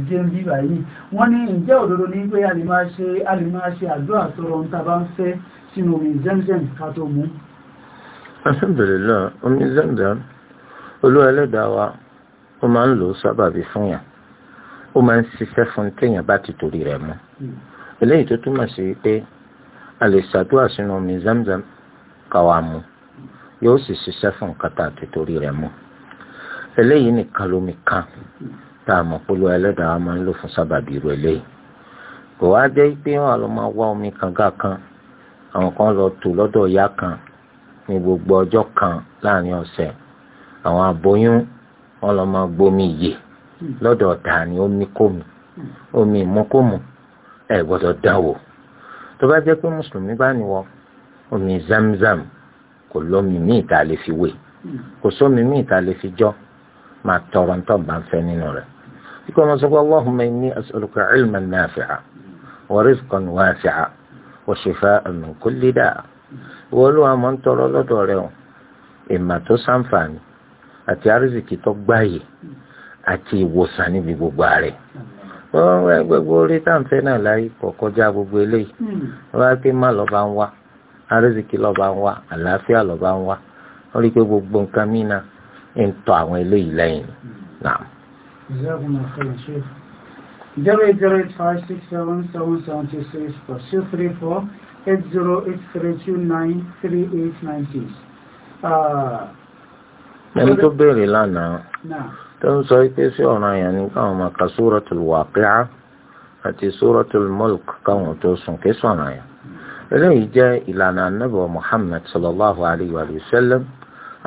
jẹ́ ń bíbà yìí wọ́n ní ìjẹ́ òdodo ní pé a lè máa ṣe a lè máa ṣe àdúrà tọrọ ń ta ń fẹ́ sínú omi zemzem ká tó mú. alhamdulillah omi zemzem olú ẹlẹ́dàá wa ó máa ń lò ó sábàbí fún yàn ó máa ń ṣiṣẹ́ fún téèyàn bá ti torí rẹ̀ mú eléyìí tó túmọ̀ sí pé a lè ṣàdúrà sínú omi zemzem káwa mú yóò sì ṣiṣẹ́ fún nǹkan ti torí rẹ̀ mú eléyìí nìkan lómi kan tá a mọ̀ pé olú ẹlẹ́dàá máa ń lò fún sábàbí irú eléyìí kò wá jẹ́ pé wọn lọ máa wá omi kànga kan àwọn kan lọ tò lọ́dọ̀ ìyá kan ní gbogbo ọjọ́ kan láàrin ọ̀sẹ̀ àwọn aboyún wọn lọ máa gbomi yè lọ́dọ̀ ọ̀tà ni omi kòmù omi ìmúkòmù ẹ gbọ́dọ̀ dánwò tó bá jẹ́ pé mùsùlùmí bá ní wọ omi zamzam kò lómi míì tá a lè fi wé kò sómi míì tá lè fi jọ́ máa tọrọ ń tọ́ba ń fẹ́ nínú rẹ̀ ikú ọmọ sọ́kọ́ Allahumma inni as'aluka ilman nafi'a wa rizqan wasi'a wa shifa'an min kulli da' ìwọ olúwa mọ̀ ń tọrọ lọ́dọ̀ rẹ̀ o ìmà tó sàǹfààní àti àrísìkì tó gbáyè àti ìwòsàn níbi gbogbo ààrẹ wọ́n gbogbo orí táǹfẹ́ náà láyé kọ̀kọ́já gbogbo eléyìí hmm. wọ́n á pé má lọ́ba ń wá àrísìkì lọ́ba ń wá àlàáfíà lọ́ba ń wá wọ́n rí i pé gbogbo nǹkan mí ń tọ àwọn eléyìí lẹ́yìn náà. zero eight zero eight five six seven seven seven two six plus two three four eight zero eight three two nine three eight nine six. ẹni tó béèrè lánàá tó ń sọ pé sí ọ̀ràn yẹn ni káwọn máa ka tó wà waqi'a àti tó mọ́lùkù káwọn tó sùn kí sọ̀ràn yẹn. eléyìí jẹ́ ìlànà anábọ̀ Muhammad sallallahu alayhi wa sallam.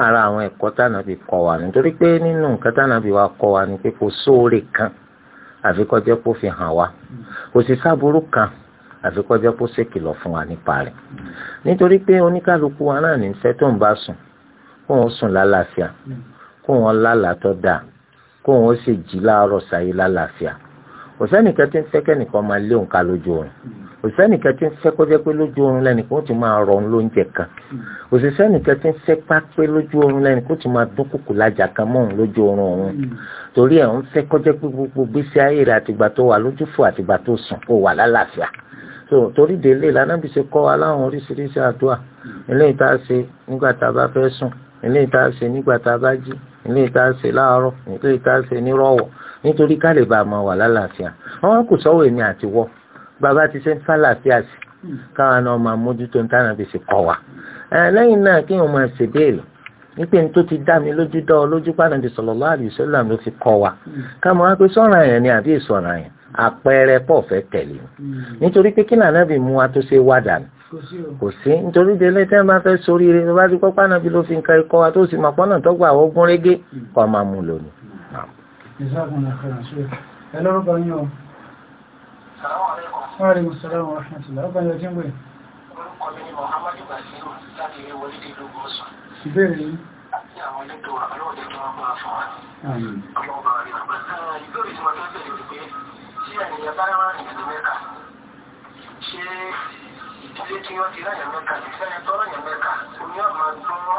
ara àwọn ẹ̀kọ́ tànàbí kọ́ wa nítorí pé nínú nǹkan tànàbí wa kọ́ wa ni pé kò sóore kan àfikọ́jẹ́ kó fi hàn wa kò sì sábúrú kan àfikọ́jẹ́ kó ṣèkìlọ̀ fún wa nípa rẹ̀ nítorí pé oníkálukú wa náà ní fẹ́ tó ń bá sùn kó wọn sùn lálàáfíà kó wọn lálàá tó dáa kó wọn sì jí láàárọ̀ sáyé lálàáfíà kò sẹ́nìkan tí ń fẹ́ kẹ́nìkan máa lé òǹkà lójú oorun kò sẹ́nìkan tí ń fẹ́ kó jẹ́ pé lójú oorun lẹ́nu kó ti máa rọ̀ ń lóúnjẹ kan kò sì sẹ́nìkan tí ń fẹ́ pápẹ́ lójú oorun lẹ́nu kó ti máa dún kùkù lájà kan mọ́ òun lójú oorun òun hmm. torí ẹ̀ ń fẹ́ kó jẹ́ pé gbogbo gbèsè ayé rẹ̀ àtìgbà tó wà lójú fò àtìgbà tó sùn kó wà lálàáfíà torí délé lànàbì ṣe kọ́ wa láwọn oríṣiríṣi àdúrà eléyìí tá a ṣe nígbà tá a bá fẹ́ sùn eléyìí tá a ṣe bàbá ti ṣe ń fàlàfíà sí hmm. káwọn náà máa mójútó ń tànà fi ṣe kọ wa. lẹ́yìn náà kí wọ́n máa ṣe béèlì wípé n tó ti dá mi lójú dá ọ lójú pàdé ti sallallahu alaihi wasallam ló fi kọ wa hmm. káwọn á pé sọ́ra yẹn ni àbí ìsọ̀ra yẹn àpẹẹrẹ pọ̀ fẹ́ tẹ̀lé hmm. nítorí pé kí nànábì mú wa tó ṣe wádà ni kò sí nítorí délé tẹ́ máa fẹ́ sórí rẹ bá ti kọ́pá náà bí ló fi nǹkan ikọ́ wa tó sì máa pọ́nà tọ́gbà ogun régé kọ́ máa mú lónìí. ẹ lọ́rọ̀ bá yín o. Wàhálà ìmùsàlámù ọ̀rọ̀fẹ́ntìlá. Ọba ìyọ̀jẹ́ ń bẹ̀rẹ̀. Orúkọ mi ni Mọ̀hámàdì Bàṣírù láti ilé wọlé ìlú Gọ́ọ̀sùn. Ìbéèrè yìí. Àti àwọn elétò ọlọ́ọ̀dẹ́ tó wọ́n bá fún wa. Ọlọ́ọ̀bà rẹ̀ ọ̀gbà náà ìbéèrè tí wọ́n fẹ́ bẹ̀rẹ̀ wípé tí ènìyàn bá rán ìlú mẹ́ta, ṣé ìdílé tí wọ́n ti ráyàn mẹ́ta, ìfẹ́ni tó ráyàn mẹ́ta, oní ọ̀mà gbọ́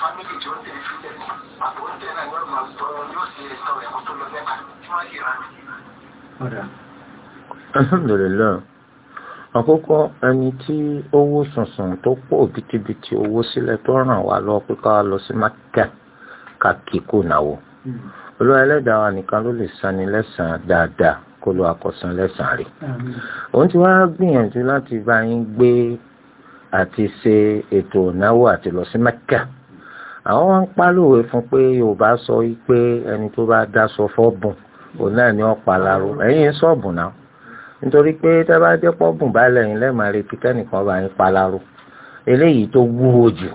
fámílì tí ó ń tẹ̀lé sílẹ̀ ní àbò ń tẹ̀lé náà ní ọ̀mà gbọ́ yóò sì rẹ̀ sọ̀rọ̀ ẹ̀kọ́ tó lọ mẹ́ta tí wọ́n sì rán alhamdulillah àkọ́kọ́ ẹni tí owó sùnsùn tó pọ̀ bitibiti owó sílẹ̀ tó ràn wá lọ pé lọ sí mákà kàkí náwó olúwa ẹlẹ́dàá wa nìkan ló lè sani lẹ́sàn-án dáadáa kó ló akọ̀sán lẹ́sàn-án rẹ̀ òun ti wá gbìyànjú láti bá yín gbé àti ṣe ètò ìnáwó àti lọ sí mákà àwọn wọn ń pálówe fún pé yorùbá sọ wípé ẹni tó bá dá sọ fọ́ bùn òun náà ni ó pa láró ẹ̀yin sọ́ọ̀bù náà nítorí pé tẹ́ bá jẹ́ pọ́bùn balẹ̀ yín lẹ́ẹ̀mọ́ retí kẹ́nìkan bá yín palaro eléyìí tó wúwo jù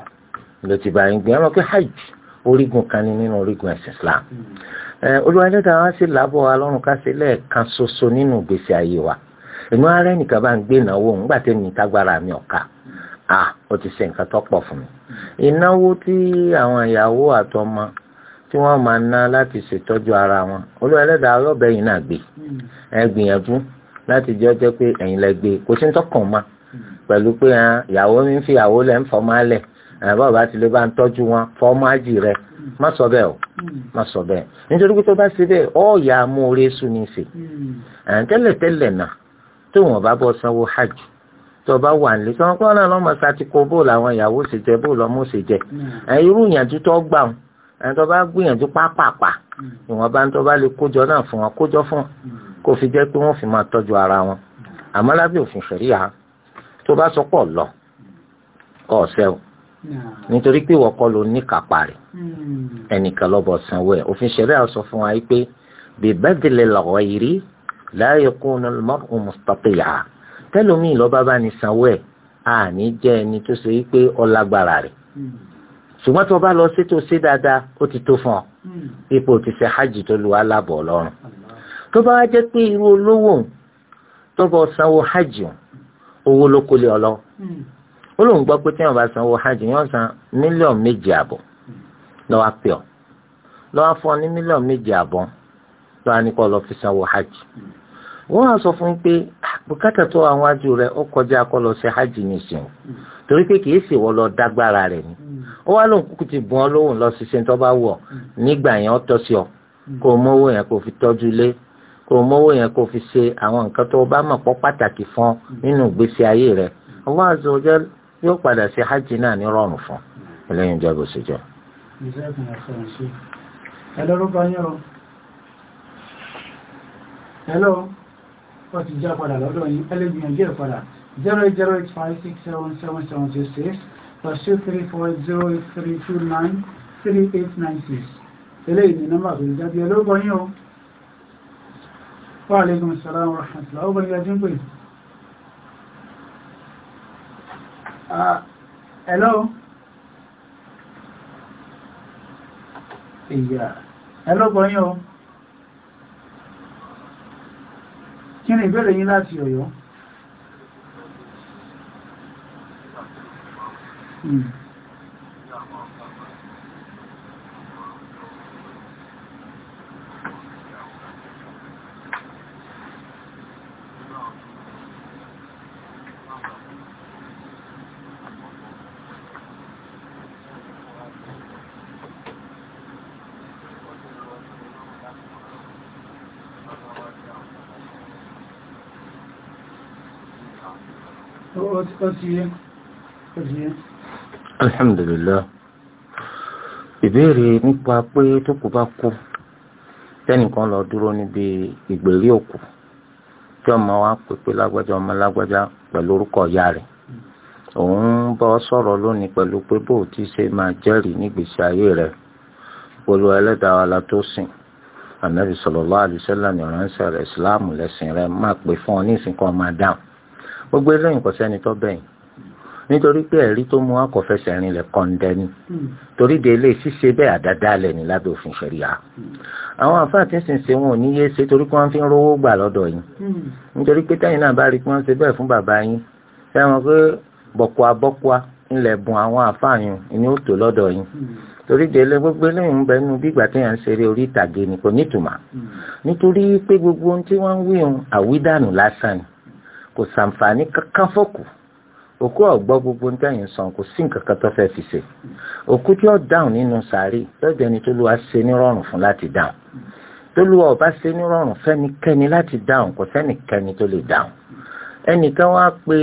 ló ti bá yín gbé ẹ̀rọ pé hajj orígun kan ní nínú orígun ẹ̀sìn Islam olúwa ẹlẹ́dàá wá sí làbọ̀ wa lọ́rùn ká sí lẹ́ẹ̀kan ṣoṣo nínú ìgbésí ayé wa èmi wá rẹ́nìkan bá ń gbé ìnáwó ńgbà tẹ́mi tágbára mi ọ̀ka ah ó ti ṣe nǹkan tó pọ̀ fún mi ìnáwó tí àwọn ìyàwó àtọmọ tí wọ́n máa ná láti ṣètọ́jú ara wọn olúwa ẹlẹ́dàá ọlọ́bẹ̀ yìí náà gbé ẹ gbìyànjú láti jẹ́ jẹ́ pé ẹ̀yin lẹ gbé kò sí ní tọkàn ma pẹ̀lú pé ìyàwó mi ń fi ìyàwó lẹ̀ ń fọmọ́ alẹ̀ àbá bàbá ti lè bá ń tọ́jú wọn fọmọ́ àjì rẹ má sọ bẹ́ẹ̀ o má sọ bẹ́ẹ̀ nítorí pé tó bá ṣe bẹ́ẹ̀ ọ̀ọ́yà amóore sùn ní ìsè tẹ́lẹ̀tẹ́lẹ̀ náà tó wọn bá bọ́ sanwó hajj tó bá wà nílé tí wọn kọ́ náà lọ́mọ sátìkọ bóòlù àwọn ìyàwó ṣe jẹ bóòlù ọmọ ṣe jẹ irú ìyànjú tó gbà wọn tó bá gbìyànjú pápápá ìwọ̀nba tó bá lè kójọ náà fún wọn kójọ fún wọn kó fi jẹ́ pé wọ́n fi máa tọ́jú ara wọn àmọ́ lábẹ́ òfin ṣẹ̀ríà tó bá sọ pọ̀ lọ ọ̀sẹ̀ o nítorí pé ìwọ kọ́ ló ní kápá rẹ̀ hmm. ẹnìkan lọ́bọ̀ sanwó ẹ̀ òfin ṣẹ̀ríà sọ fún wa pé bìbẹ́dìlẹ̀ lọ́wọ́ yìí rí láàyè kún un mọ́kùn mustati'a tẹ́lómìn lọ́ba bá ní sanwó ẹ̀ àní jẹ́ ẹni tó ṣe wípé ọlágbára rẹ̀ hmm. ṣùgbọ́n tó bá lọ sí tó ṣe dáadáa ó ti tó fún ọ hmm. ipò ti hajj tó lu alábọ̀ ọlọ́run tó bá jẹ́ pé irú olówó tó bá sanwó hajj owó ló kólé ọ lọ hmm. ó lóun gbọ́ pé tí wọ́n bá sanwó hajj yóò san mílíọ̀nù méjì àbọ̀ lọ́wọ́ pè ọ́ lọ́wọ́ fún ọ ní mílíọ̀nù méjì àbọ̀ lọ́wọ́ ní kọ́ fi sanwó hajj wọ́n á sọ fún mi pé ah, bùkátà tó àwọn ajú rẹ̀ ó kọjá kọ́ lọ sí hajj nìsín torí pé kìí ṣèwọ́ lọ dágbára rẹ̀ ni hmm. ó wá lóun kúkú ti bùn ọ lóhùn lọ sí ṣe tó bá wọ̀ hmm. nígbà yẹn ó tọ́ sí ọ kó o mówó yẹn kó fi tọ́jú lé kó o mówó yẹn kó o fi ṣe àwọn nǹkan tó o bá mọ̀ pọ́ pàtàkì fún nínú ìgbésí ayé rẹ̀ Allah azza wa jal yóò padà ṣe hajj náà ní rọrùn fún ẹlẹ́yin jẹ́ bó ṣe jẹ́. Hello, Hello, wọ́n ti já padà lọ́dọ̀ yìí, ẹlẹ́gbìyànjú ẹ̀ padà 08085677766 plus 23408329389 eléyìí ni nọ́mbà tó ń jáde ẹlọ́gbọ́n yìí o. Wa alaikum assalam wa rahmatullahi ọgbọ̀n ilẹ̀ jín pè. Hello? Ìyà. Hello gbọ́nyìn o. Kí ni ìbéèrè yín láti Ọ̀yọ́? Hmm. alhamdulillah ìbéèrè nípa pé tó kù bá kú tẹ́nìkan lọ dúró níbi ìgbèrí òkú tí ọmọ wa pèpè lágbájá ọmọ lágbájá pẹ̀lú orúkọ ìyá rẹ̀ òun bọ́ sọ̀rọ̀ lónìí pẹ̀lú pé bó ti ṣe máa jẹ́rìí nígbèsí ayé rẹ̀ polo ẹlẹ́dàá wa la tó sìn ànábì sallallahu alaihi wasallam ní ọ̀ránṣẹ́ rẹ̀ ìsìláàmù lẹ́sìn rẹ̀ máa pè fún ọ ní ìsìnkú ọmọ adáhùn gbogbo eléyìí kò sẹ́ni tó bẹ̀yìn nítorí pé ẹ̀rí tó mú akọ̀fẹsẹ̀ rinlẹ̀ kọ́ńdẹ́ni torí de ilé ṣíṣe bẹ́ẹ̀ àdádálẹ̀ ní lábẹ́ òfin ṣẹ̀ríà àwọn àfáà tí ń sìn ṣe wọn ò ní yé ṣe torí pé wọ́n fi ń rówó gbà lọ́dọ̀ yín nítorí pé tẹ́yìn náà bá rí pé wọ́n ṣe bẹ́ẹ̀ fún bàbá yín sẹ́wọ̀n pé bọ̀kùà bọ́kùà ńlẹ̀ bùn àwọn àfáà yín ni ó tó lọ́dọ̀ yín torí délé gbogbo eléyìí ń bẹ nínú bí ìgbà téèyàn ń ṣeré orí ìtàgé ni kò nítumọ̀ nítorí pé gbogbo ohun tí wọ́n ń wí kò sàǹfààní kankan fọ́kù òkú ọ̀gbọ́ gbogbo ń tẹ̀yìn sàn kò sí nǹkan kan tó fẹ́ fi ṣe òkú tí ó dáhùn nínú sàárì lọ́jọ́ ni tólúwa ṣe nírọ̀rùn fún láti dáhùn tólúwa ọba ṣe nírọ̀rùn fẹ́nikẹ́ni láti dáhùn kò sẹ́nikẹ́ni tó lè dáhùn ẹnìkan wá pé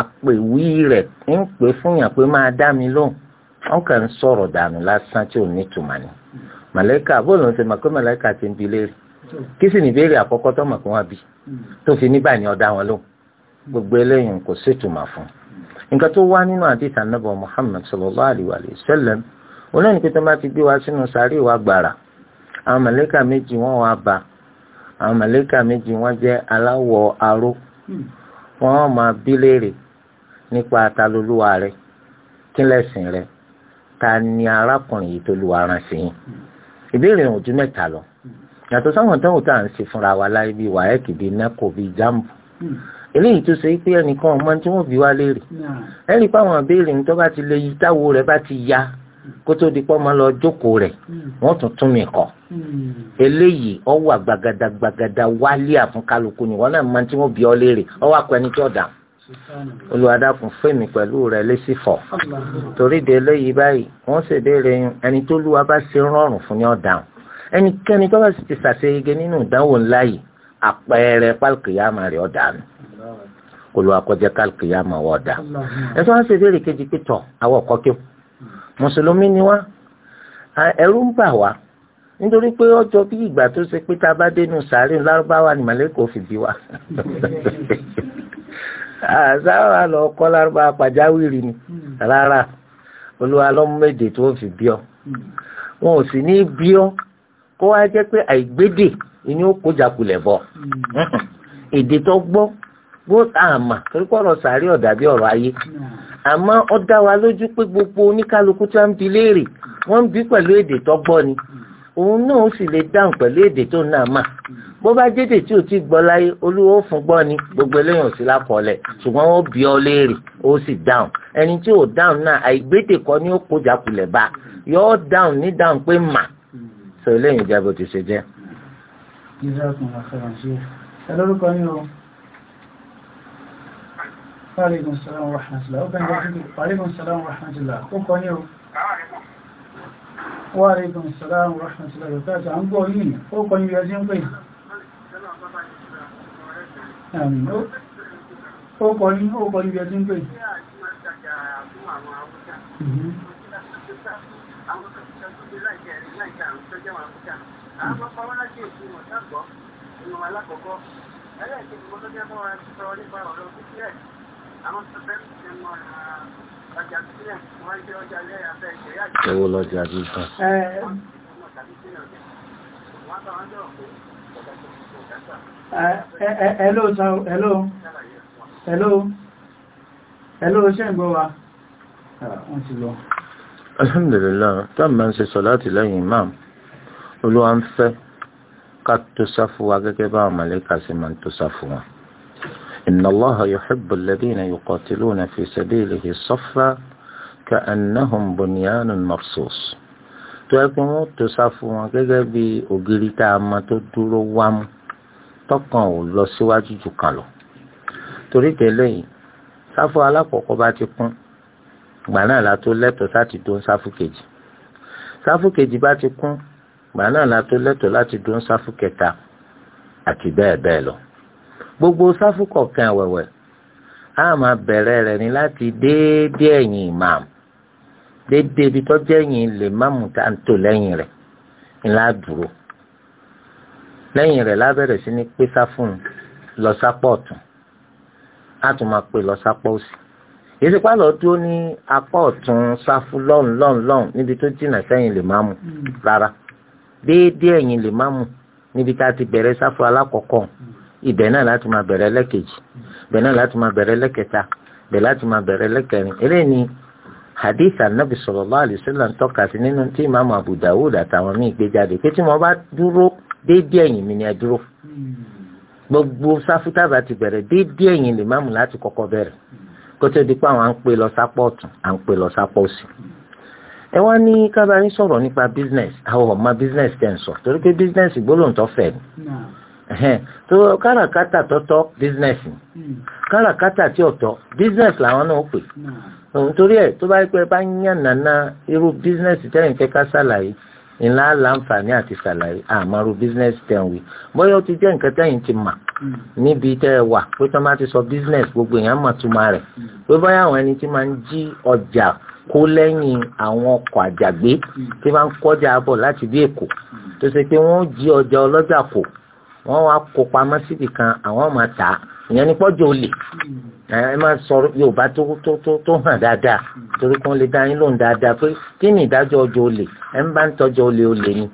àpèwí rẹ̀ ń pè fún yàn pé máa dá mi lóhùn wọn kàn ń sọ̀rọ̀ dànù lásán tí ò ní tùmọ̀ ni màlẹ́kà bóòlù ń ṣe mọ̀ pé màlẹ́kà ti ń bi léèrè kí sì ní ìbéèrè àkọ́kọ́ tó mọ̀ pé wọ́n bi tó fi níbà ní ọ̀dá wọn lóhùn gbogbo eléyìí kò sétùmọ̀ fún nǹkan tó wá nínú àdìsí Ànábì Muhammad sallallahu alayhi wa sallam olóyìn pé tó bá ti gbé wa sínú sàárè wa gbàrà àwọn màlẹ́kà méjì wọ́n wá bá àwọn màlẹ́kà méjì wọ́n jẹ́ aláwọ̀ aró wọ́n máa bi léèrè nípa talolúwa rẹ̀ kílẹ̀sìn rẹ̀ ta ni arákùnrin yìí tó lu aran sí yín ìbéèrè ò ju mẹ́ta lọ yàtọ̀ sáwọn tó ń tà ń ṣe fúnra wa láyé bíi wàhẹ́kì bíi nẹ́kò bíi jáàmù eléyìí tó ṣe pé ẹnìkan ọmọ tí wọ́n fi wá léèrè ẹnì pa àwọn àbẹ́rẹ́ ní tó ti lè yí rẹ̀ bá ti ya kó tó di pọ́ máa lọ jókòó rẹ̀ mm. wọ́n tún tún mi kọ́ mm. eléyìí ọwọ́ àgbàgàdà gbàgàdà wálé àfúnkálukú ni wọ́n náà máa tí wọ́n bí ọ léèrè ọwọ́ akọ ẹni tí ó dà olùwàdàkùn fèmí pẹ̀lú rẹ̀ lẹ́sí fọ̀ torí de eléyìí báyìí wọ́n ṣèbéèrè ẹni tó lúwa bá ṣe rọrùn fún ní ọ̀dà ẹnikẹ́ni tó bá sì ti ṣàṣeyege nínú ìdánwò ńlá yìí àpẹẹrẹ pálkìyàmà rẹ̀ ọ̀dà nù kò lọ akọjẹ kálukì yá máa wọ ọdà ẹ tó wá ṣe ìbéèrè kejì pítọ àwọn ọkọ kí o mùsùlùmí ni wá ẹ̀rù ń bà wá nítorí pé ọjọ́ bí ìgbà tó ṣe pé tá a bá dénú sàárè lárúbáwá ni màlẹkọ fi bí wa àzáwà lọ kọ lárúbáwá pàjáwìrì ni hmm. rárá olúwa lọmú méje tó fi bí ọ hmm. wọn ò sì ní bí ọ kó wá jẹ́ pé àìgbédè ni ó kó jakulẹ̀ bọ̀ hmm. èdè tó gbọ́ bó àmà torípọ̀ ọ̀rọ̀ sàárì ọ̀dàbí ọ̀rọ̀ ayé àmọ́ ó dá wa lójú pé gbogbo oníkálukú tí wọ́n ń bi léèrè wọ́n ń bi pẹ̀lú èdè tó gbọ́ ni òun náà sì lè dáhùn pẹ̀lú èdè tó náà mà bó bá jẹ́dè tí ò ti gbọ́ láyé olúwo fún gbọ́ ni gbogbo eléyìí ò sí lákọọ́lẹ̀ ṣùgbọ́n wọ́n bi ọ́ léèrè ó sì dáhùn ẹni tí ò dáhùn náà àìgbédè kọ́ ni ó kójà kulẹ̀ bá yọ́ọ́ dáhùn ní dáhùn pé mà sọ eléyìí jẹ́ bó ti ṣe jẹ́. ẹ lórúkọ yín o. Aleykum salaam wa rahmatullahi. Open the door. Aleykum salaam wa rahmatullahi. Ó kọ́ ní o. Wa aleykum salaam wa rahmatullahi. Ó kẹta ń gbọ́ yìí. Ó kọ́ ní ẹjí ń pè. Ó kọ́ ní ó kọ́ ní ẹjí ń pè. Àwọn ọmọ ọmọ láti èkú wọn sáàgbọ́, ìwọ̀n alákọ̀ọ́kọ́, ẹlẹ́ẹ̀kejì mọ́ tó jẹ́ mọ́ ọ̀rọ̀ nípa ọ̀rọ̀ fífẹ́ Owó lọ́jà títà. Hello, hello, hello, hello, ṣe ń gbọ́ wa? Wọ́n ti lọ. Alhamdulillah, tán máa ń ṣe sọ̀láti lẹ́yìn imam, olúwa ń fẹ́ ká tó sáfúwa gẹ́gẹ́ bá àwọn sí máa tó sáfúwa. إن الله يحب الذين يقاتلون في سبيله صفا كأنهم بنيان مرصوص tó yẹ kí wọn tó sáfù wọn gẹ́gẹ́ bí ògiri tá a mọ̀ tó dúró wámú tọkàn ò lọ síwájú jù kan lọ torí tẹ́lẹ̀ yìí sáfù alákọ̀ọ́kọ́ bá ti kún gbà náà la tó lẹ́tọ̀ọ́ láti dún sáfù kejì sáfù kejì bá ti kún gbà náà la tó lẹ́tọ̀ọ́ láti dún sáfù kẹta àti bẹ́ẹ̀ bẹ́ẹ̀ lọ gbogbo sáfù kọ̀ọ̀kan àwẹ̀wẹ̀ a máa bẹ̀rẹ̀ rẹ̀ ní láti déédé ẹ̀yìn ìmáàmù déédé ibi tó jẹ́ ẹ̀yìn lè máàmù tá à ń tò lẹ́yìn rẹ̀ ńlá dúró lẹ́yìn rẹ̀ lábẹ̀rẹ̀ sí ní pé sáfù lọ sápọ̀ ọ̀tún á tún máa pè lọ sápọ̀ òsì èsì pálọ̀ dúró ní apá ọ̀tún sáfù lọ́n lọ́n lọ́n níbi tó jìnnà sẹ́yìn lè máàmù rárá déédé ẹ̀yìn lè máàmù níbi tá a ti bẹ̀rẹ̀ sáfù alákọ̀ọ́kọ́ ibẹ̀ náà láti máa bẹ̀rẹ̀ lẹ́kejì ibẹ̀ náà láti máa bẹ̀rẹ̀ lẹ́kẹta ibẹ̀ láti máa bẹ̀rẹ̀ lẹ́kẹrin eléyìí ni hadith anabi sallallahu alaihi wasallam ń tọ́ka sí nínú tí imaamu abu dawud àtàwọn míì gbé jáde pé tí mo bá dúró déédéé ẹ̀yìn mi ni ẹ dúró gbogbo sáfútàbà ti bẹ̀rẹ̀ déédéé ẹ̀yìn lè máàmù láti kọ́kọ́ bẹ̀rẹ̀ kó tó di pé àwọn à ń pè lọ sápọ̀ ọ̀tún à ń pè lọ sápọ̀ business àwọn ọmọ business tẹ̀ ń sọ business gbólóǹtọ́ fẹ̀ tó káràkátà tọ́tọ́ business hmm. káràkátà tí ọ̀tọ̀ business làwọn náà pè hmm. torí ẹ̀ tó bá yẹ pé bá ń yàn nàna irú business tẹ́yìn fẹ́ ká ṣàlàyé ńlá láǹfààní àti ṣàlàyé àmọ́rú business ten wi bóyá ó ti jẹ́ nǹkan tẹ́yìn ti mà hmm. níbi tẹ́ ẹ wà pé tán bá ti sọ business gbogbo èèyàn mà túmọ̀ rẹ̀ pé bóyá àwọn ẹni tí máa ń jí ọjà kó lẹ́yìn àwọn ọkọ̀ àjàgbé tí máa ń kọjá bọ̀ láti bí Èkó tó ṣe pé wọ́n jí ọjà ọlọ́jà kò wọ́n wá kó pamọ́ síbi kan àwọn máa tà á ìyẹn ní pọ́jọ́ olè ẹ máa sọ yorùbá tó tó tó tó hàn dáadáa torí kan lè dá yín lóhùn dáadáa pé kí ni ìdájọ́ ọjọ́ olè ẹ ń bá ń tọ́jọ́ olè olè ni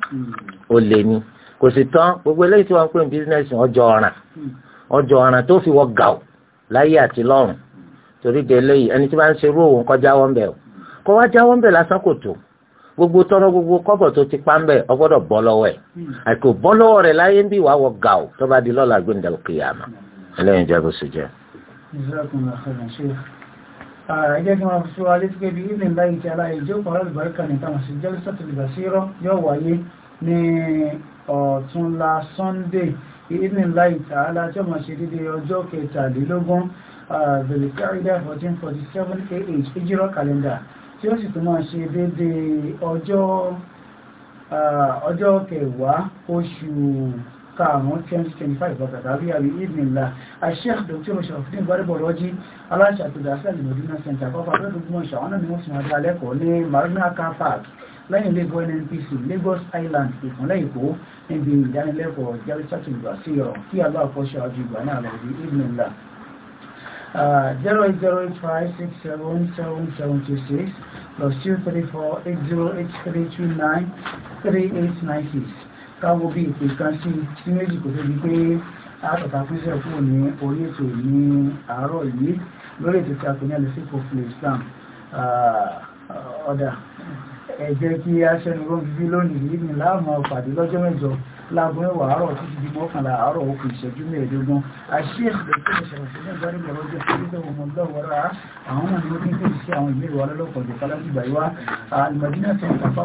olè ni kò sì tán gbogbo eléyìí tí wọ́n ń pè ní bísíǹnẹ́sì ọjọ́ ọ̀ràn ọjọ́ ọ̀ràn tó fi wọ gàù láyé àti lọ́run torí de eléyìí ẹni tí wọ́n ń ṣerú òun kọjá wọ́n bẹ̀ kọ́ wá jáwọ́ ń bẹ̀ lásán kò tó gbogbo tọrọ gbogbo kọ́bọ̀ tó ti pàmbẹ ọgbọ́dọ̀ bọ́ lọ́wọ́ ẹ̀ hmm. àìkò bọ́ lọ́wọ́ rẹ̀ láyé ń bí wàá wọ gàù tó bá di lọ́la gbẹndàlù kìyàmà hmm. ẹlẹyìn jẹ bó ṣe jẹ. ẹjẹ́ kí wọ́n fi wá létí pé bí ilé ńlá yìí ti aláyé ìjókòó alábàárìkà nìkan sí jẹ́lísọ́ tìlìbàṣírọ́ yóò wáyé ní ọ̀túnla Sunday ilé ńlá ìtàlá tí ó máa ṣe dídé ọjọ́ kẹtàlélógún bẹ̀lẹ̀kẹ́ 1447 ah ìjírọ̀ kàlẹ́ndà tí ó sì tún máa ṣe déédéé ọjọ́ ọjọ́ kẹwàá oṣù karùn-ún 2025 bọ́ta tàbí àrí ìdìnlá àṣíyà dr ṣàfihàn gbárùbọ̀rọ̀jí aláṣà tó dáṣà ìmọ̀dúnà center pápá tó gbọ́n ìṣàwọ́nà ni wọ́n sì máa dá lẹ́kọ̀ọ́ ní marina car park lẹ́yìn lagos nnpc lagos island ìpínlẹ̀ èkó níbi ìdánilẹ́kọ̀ọ́ jẹ́rìsàtìlú àṣeyọrọ̀ kí aláàkọ́ṣe àjùgbà náà lọ́dún ìdìnlá Uh, zero eight zero five six seven seven seven two six plus two three four eight zero eight three two nine three eight nine six káwọ́ bí ìpè kan sí sí méjì kò tóbi pé àtọ̀tà pínṣẹ̀ kúrò ní orí ètò ní àárọ̀ yìí lórí ètò tí a pè ní àlẹ́sẹ̀kọ̀ fún Islam uh, ọ̀dà ẹ jẹ́ kí a ṣẹ́nu rọ́n bíbí lónìí ní láàmú ọ̀pàdé lọ́jọ́ mẹ́jọ láago mẹ́wàá àárọ̀ títí di mọ́kànlá àárọ̀ òkú ìṣẹ́jú mẹ́ẹ̀ẹ́dógún àṣíyèsí tó ń ṣẹlẹ̀ sí mẹ́gbàá nígbà lọ́jọ́ ìpínlẹ̀ ọmọ lọ́wọ́ra àwọn ọmọ ni wọ́n ti ń pèsè àwọn ìbéèrè wa lọ́lọ́pọ̀ ìdíkálá ìgbà yìí wá àlùmọ̀dínà